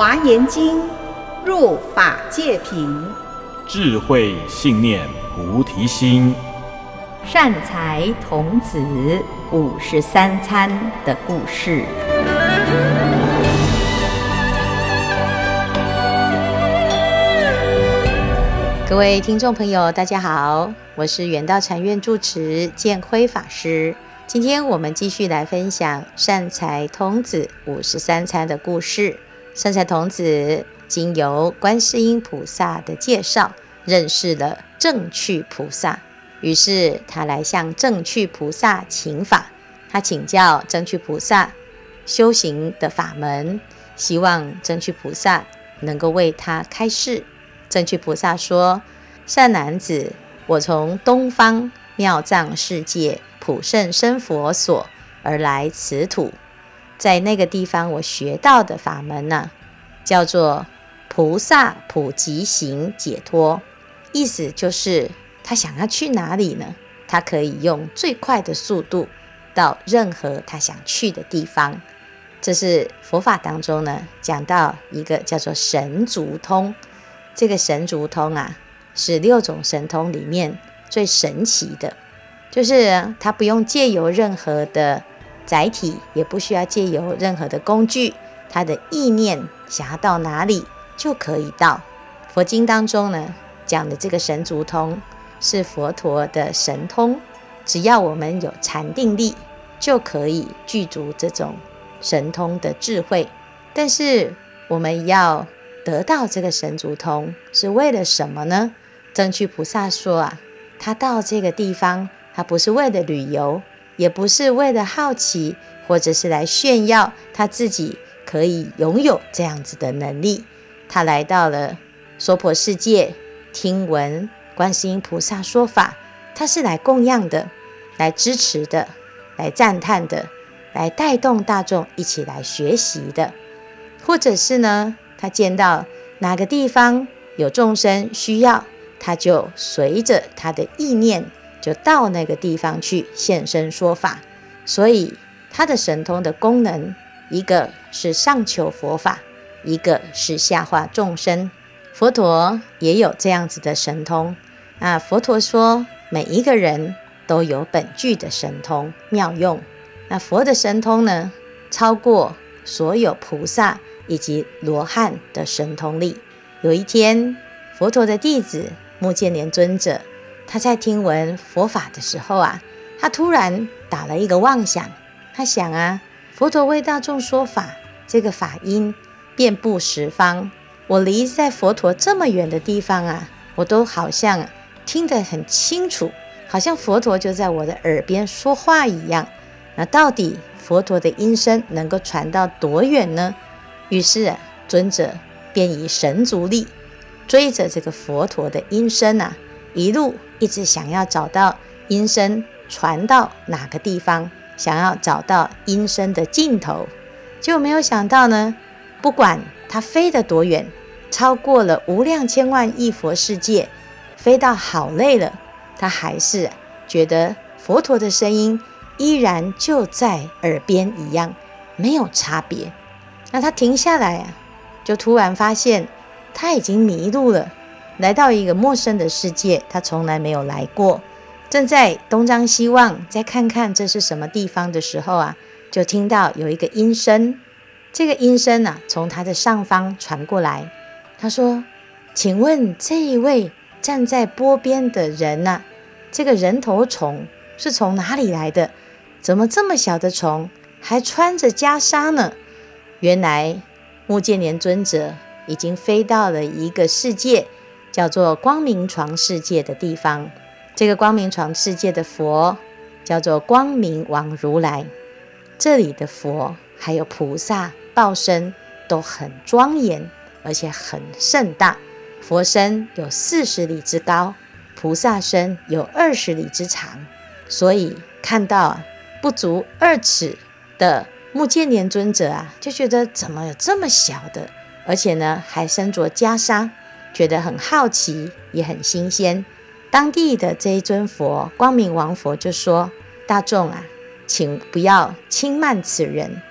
華嚴經入法界品，智慧信念菩提心，善財童子五十三參的故事。各位聽眾朋友，大家好，我是圓道禪院住持見輝法師。今天我們繼續來分享善財童子五十三參的故事。善財童子經由觀世音菩薩的介紹，認識了正趣菩薩，於是他來向正趣菩薩請法，他請教正趣菩薩修行的法門，希望正趣菩薩能夠為他開示。正趣菩薩說：“善男子，我從東方妙藏世界普勝生佛所而來此土。”在那個地方，我學到的法門呢、啊，叫做菩薩普疾行解脫。意思就是，他想要去哪裡呢？他可以用最快的速度到任何他想去的地方。這是佛法當中呢講到一個叫做神足通。這個神足通啊，是六種神通裡面最神奇的，就是他不用借由任何的載體也不需要借由任何的工具，他的意念想要到哪裡就可以到。佛經當中呢講的這個神足通是佛陀的神通，只要我們有禪定力就可以具足這種神通的智慧。但是我們要得到這個神足通是為了什麼呢？正趣菩薩說啊，他到這個地方，他不是為了旅遊。也不是為了好奇，或者是來炫耀，他自己可以擁有這樣子的能力。他來到了娑婆世界，聽聞觀世音菩薩說法，他是來供養的，來支持的，來讚嘆的，來帶動大眾一起來學習的。或者是呢，他見到哪個地方有眾生需要，他就隨着他的意念。就到那個地方去現身說法，所以他的神通的功能，一個是上求佛法，一個是下化眾生。佛陀也有這樣子的神通啊！那佛陀說，每一個人都有本具的神通妙用。那佛的神通呢，超過所有菩薩以及羅漢的神通力。有一天，佛陀的弟子目犍連尊者，他在聽聞佛法的時候啊，他突然打了一個妄想，他想啊，佛陀為大眾說法，這個法音遍布十方。我離在佛陀這麼遠的地方啊，我都好像聽得很清楚，好像佛陀就在我的耳邊說話一樣。那到底佛陀的音聲能夠傳到多遠呢？於是啊，尊者便以神足力追着這個佛陀的音聲啊，一路。一直想要找到音聲傳到哪個地方，想要找到音聲的盡頭，就沒有想到呢。不管他飛得多遠，超過了無量千萬億佛世界，飛到好累了，他還是覺得佛陀的聲音依然就在耳邊一樣，沒有差別。那他停下來啊，就突然發現他已經迷路了。來到一個陌生的世界，他從來沒有來過，正在東張西望，再看看這是什麼地方的時候啊，就聽到有一個音聲。這個音聲啊，從他的上方傳過來。他說：“請問這一位站在波邊的人啊，這個人頭蟲是從哪裡來的？怎麼這麼小的蟲還穿着袈裟呢？”原來目犍連尊者已經飛到了一個世界，叫做光明幢世界的地方，這個光明幢世界的佛叫做光明王如來。這裡的佛還有菩薩道身都很莊嚴，而且很盛大。佛身有四十里之高，菩薩身有二十里之長。所以看到、啊、不足二尺的目犍連尊者啊，就覺得怎麼有這麼小的，而且呢還身着袈裟。覺得很好奇，也很新鮮。當地的這一尊佛光明王佛就說：“大眾啊，請不要輕慢此人。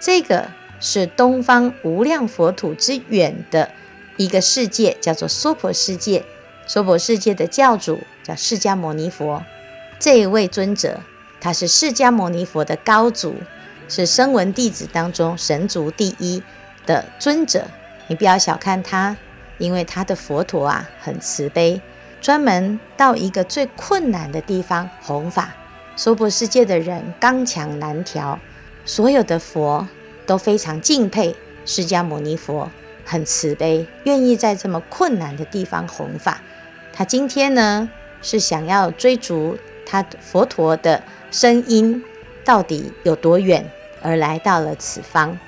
這個是東方無量佛土之遠的一個世界，叫做娑婆世界。娑婆世界的教主叫釋迦牟尼佛。這一位尊者，他是釋迦牟尼佛的高足，是聲聞弟子當中神足第一的尊者。你不要小看他。”因為他的佛陀啊，很慈悲，專門到一個最困難的地方弘法。娑婆世界的人剛強難調，所有的佛都非常敬佩釋迦牟尼佛，很慈悲，願意在這麼困難的地方弘法。他今天呢，是想要追逐他佛陀的聲音到底有多遠，而來到了此方。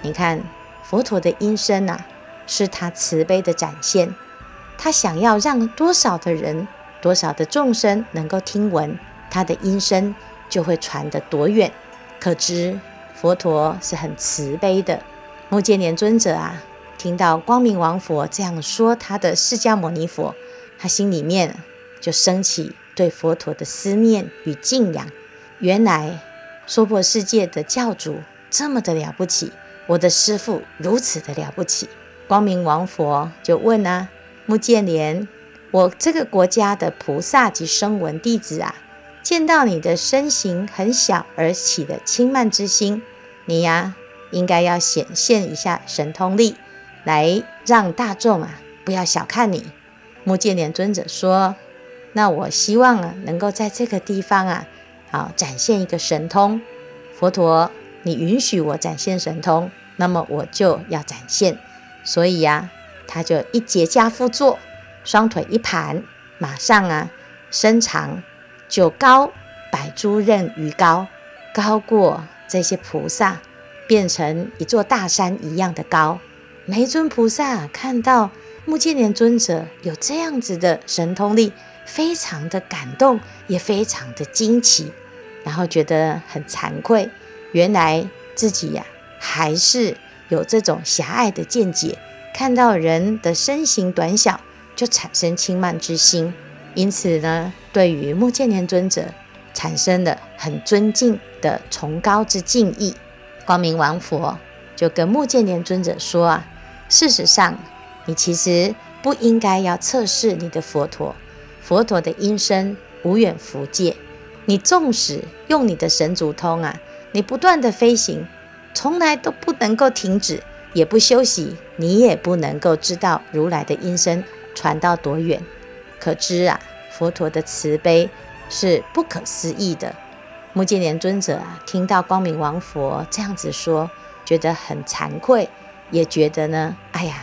你看佛陀的音聲啊。是他慈悲的展現，他想要讓多少的人，多少的眾生能夠聽聞他的音聲，就會傳得多遠。可知佛陀是很慈悲的。目犍連尊者啊，聽到光明王佛這樣說他的釋迦牟尼佛，他心裡面就升起對佛陀的思念與敬仰。原來娑婆世界的教主這麼的了不起，我的師父如此的了不起。光明王佛就問啊，目犍連，我這個國家的菩薩及聲聞弟子啊，見到你的身形很小而起的輕慢之心，你呀、啊、應該要顯現一下神通力，來讓大眾啊不要小看你。目犍連尊者說：“那我希望啊能夠在這個地方啊，好展現一個神通。佛陀，你允許我展現神通，那麼我就要展現。”所以呀、啊，他就一結跏趺坐，雙腿一盤，馬上啊，身長就高，百諸任餘高，高過這些菩薩，變成一座大山一樣的高。每尊菩薩、啊、看到目犍連尊者有這樣子的神通力，非常的感動，也非常的驚奇，然後覺得很慚愧，原來自己呀、啊，還是，有這種狹隘的見解，看到人的身形短小就產生輕慢之心，因此呢，對於目犍連尊者產生了很尊敬的崇高之敬意。光明王佛就跟目犍連尊者說啊，事實上，你其實不應該要測試你的佛陀，佛陀的音聲無遠弗屆，你縱使用你的神足通啊，你不斷地飛行。從來都不能夠停止，也不休息，你也不能夠知道如來的音聲傳到多遠。可知啊，佛陀的慈悲是不可思議的。目犍連尊者啊，聽到光明王佛這樣子說，覺得很慚愧，也覺得呢，哎呀，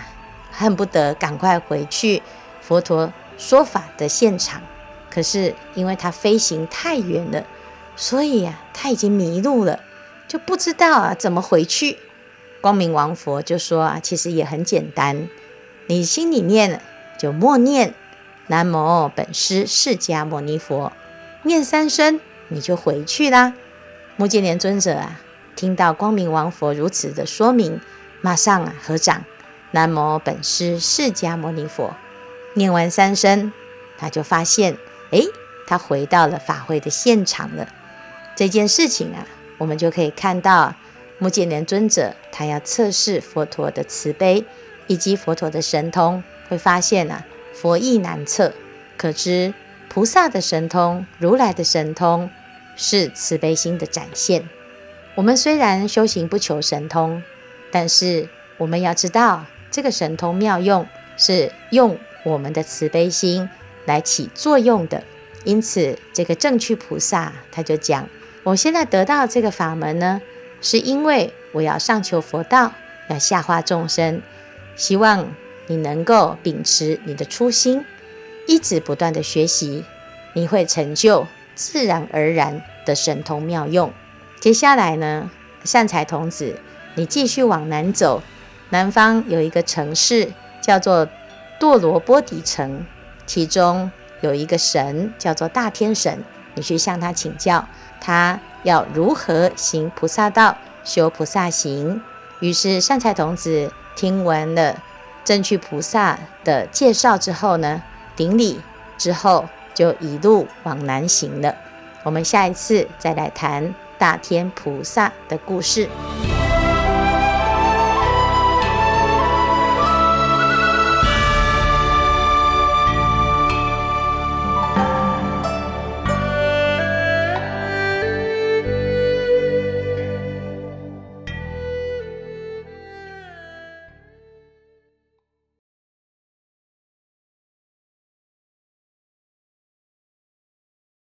恨不得趕快回去佛陀說法的現場。可是因為他飛行太遠了，所以呀，他已經迷路了。就不知道啊，怎麼回去？光明王佛就說：“啊，其實也很簡單，你心裡面就默念‘南無本師釋迦牟尼佛’，念三聲，你就回去啦。”目犍連尊者啊，聽到光明王佛如此的說明，馬上啊合掌，“南無本師釋迦牟尼佛”，念完三聲，他就發現，哎，他回到了法會的現場了。這件事情啊。我們就可以看到目犍連尊者，他要測試佛陀的慈悲以及佛陀的神通，會發現啊，佛意難測，可知菩薩的神通、如來的神通是慈悲心的展現。我們雖然修行不求神通，但是我們要知道這個神通妙用是用我們的慈悲心來起作用的。因此，這個正趣菩薩他就講。我現在得到這個法門呢，是因為我要上求佛道，要下化眾生。希望你能夠秉持你的初心，一直不斷地學習，你會成就自然而然的神通妙用。接下來呢，善財童子，你繼續往南走，南方有一個城市叫做墮羅波底城，其中有一個神叫做大天神，你去向他請教。他要如何行菩薩道，修菩薩行？於是善財童子聽完了正趣菩薩的介紹之後呢，頂禮之後就一路往南行了。我們下一次再來談大天菩薩的故事。